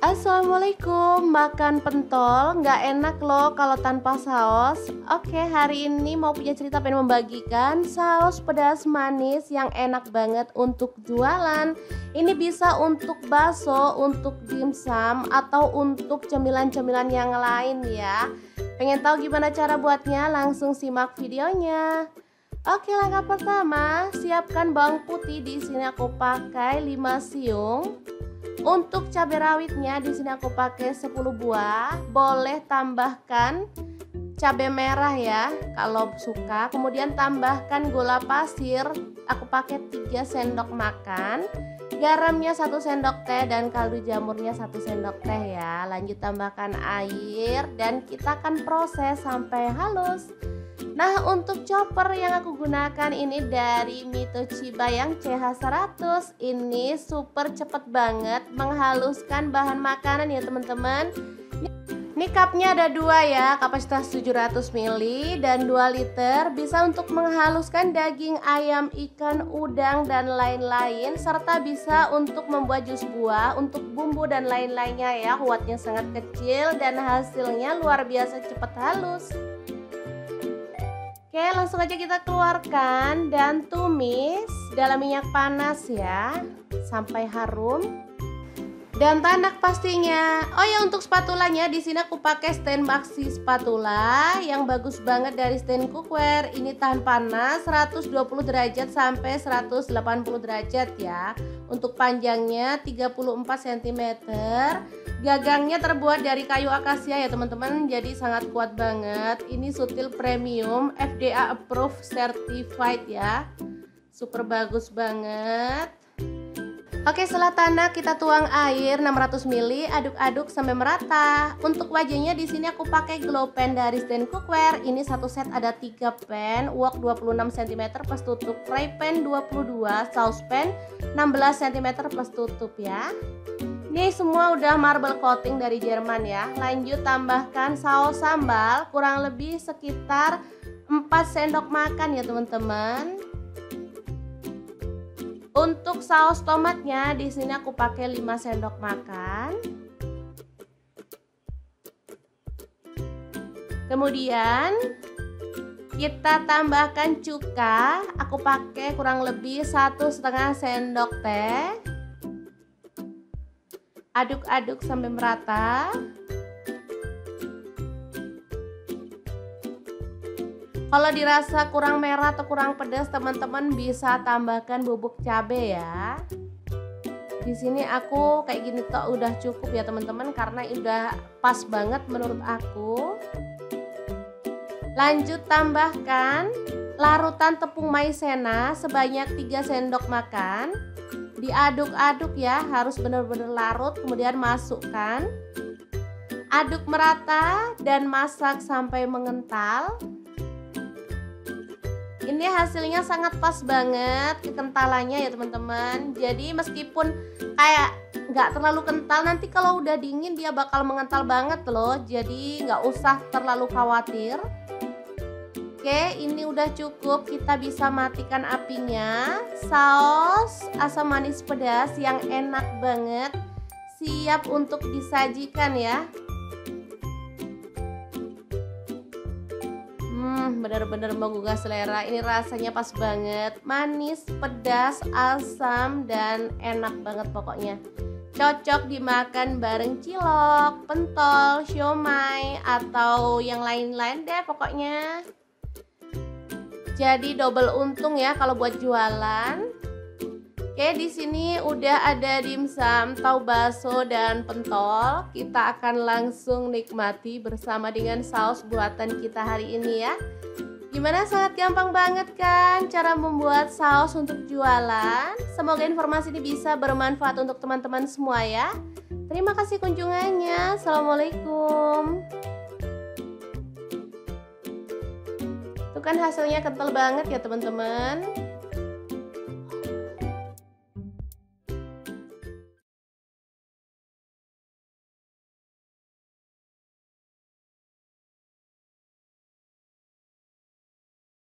Assalamualaikum, makan pentol nggak enak loh kalau tanpa saus. Oke, hari ini mau punya cerita pengen membagikan saus pedas manis yang enak banget untuk jualan. Ini bisa untuk bakso, untuk dimsum, atau untuk cemilan-cemilan yang lain ya. Pengen tahu gimana cara buatnya? Langsung simak videonya. Oke langkah pertama siapkan bawang putih di sini aku pakai 5 siung untuk cabai rawitnya di sini aku pakai 10 buah boleh tambahkan cabai merah ya kalau suka kemudian tambahkan gula pasir aku pakai 3 sendok makan garamnya 1 sendok teh dan kaldu jamurnya 1 sendok teh ya lanjut tambahkan air dan kita akan proses sampai halus Nah untuk chopper yang aku gunakan ini dari Mitochiba yang CH100 Ini super cepet banget menghaluskan bahan makanan ya teman-teman ini cupnya ada dua ya, kapasitas 700 ml dan 2 liter Bisa untuk menghaluskan daging ayam, ikan, udang, dan lain-lain Serta bisa untuk membuat jus buah, untuk bumbu dan lain-lainnya ya Kuatnya sangat kecil dan hasilnya luar biasa cepet halus Oke, langsung aja kita keluarkan dan tumis dalam minyak panas ya, sampai harum dan tanak pastinya. Oh ya untuk spatulanya di sini aku pakai stand maxi spatula yang bagus banget dari stand cookware. Ini tahan panas 120 derajat sampai 180 derajat ya. Untuk panjangnya 34 cm. Gagangnya terbuat dari kayu akasia ya teman-teman jadi sangat kuat banget. Ini sutil premium FDA approved certified ya. Super bagus banget. Oke setelah tanah kita tuang air 600 ml aduk-aduk sampai merata. Untuk wajahnya di sini aku pakai glow pen dari Stain Cookware. Ini satu set ada 3 pen, wok 26 cm plus tutup, tray pen 22, saucepan 16 cm plus tutup ya. Ini semua udah marble coating dari Jerman ya. Lanjut tambahkan saus sambal kurang lebih sekitar 4 sendok makan ya teman-teman. Untuk saus tomatnya di sini aku pakai 5 sendok makan. Kemudian kita tambahkan cuka, aku pakai kurang lebih satu setengah sendok teh. Aduk-aduk sampai merata. Kalau dirasa kurang merah atau kurang pedas, teman-teman bisa tambahkan bubuk cabe ya. Di sini aku kayak gini tuh udah cukup ya teman-teman karena udah pas banget menurut aku. Lanjut tambahkan larutan tepung maizena sebanyak 3 sendok makan. Diaduk-aduk ya, harus benar-benar larut kemudian masukkan. Aduk merata dan masak sampai mengental ini hasilnya sangat pas banget kekentalannya ya teman-teman jadi meskipun kayak nggak terlalu kental nanti kalau udah dingin dia bakal mengental banget loh jadi nggak usah terlalu khawatir oke ini udah cukup kita bisa matikan apinya saus asam manis pedas yang enak banget siap untuk disajikan ya benar-benar menggugah selera. Ini rasanya pas banget, manis, pedas, asam, dan enak banget pokoknya. Cocok dimakan bareng cilok, pentol, siomay, atau yang lain-lain deh pokoknya. Jadi double untung ya kalau buat jualan. Oke, di sini udah ada dimsum, tau baso dan pentol. Kita akan langsung nikmati bersama dengan saus buatan kita hari ini ya. Gimana sangat gampang banget kan cara membuat saus untuk jualan? Semoga informasi ini bisa bermanfaat untuk teman-teman semua ya. Terima kasih kunjungannya. Assalamualaikum. Tuh kan hasilnya kental banget ya teman-teman.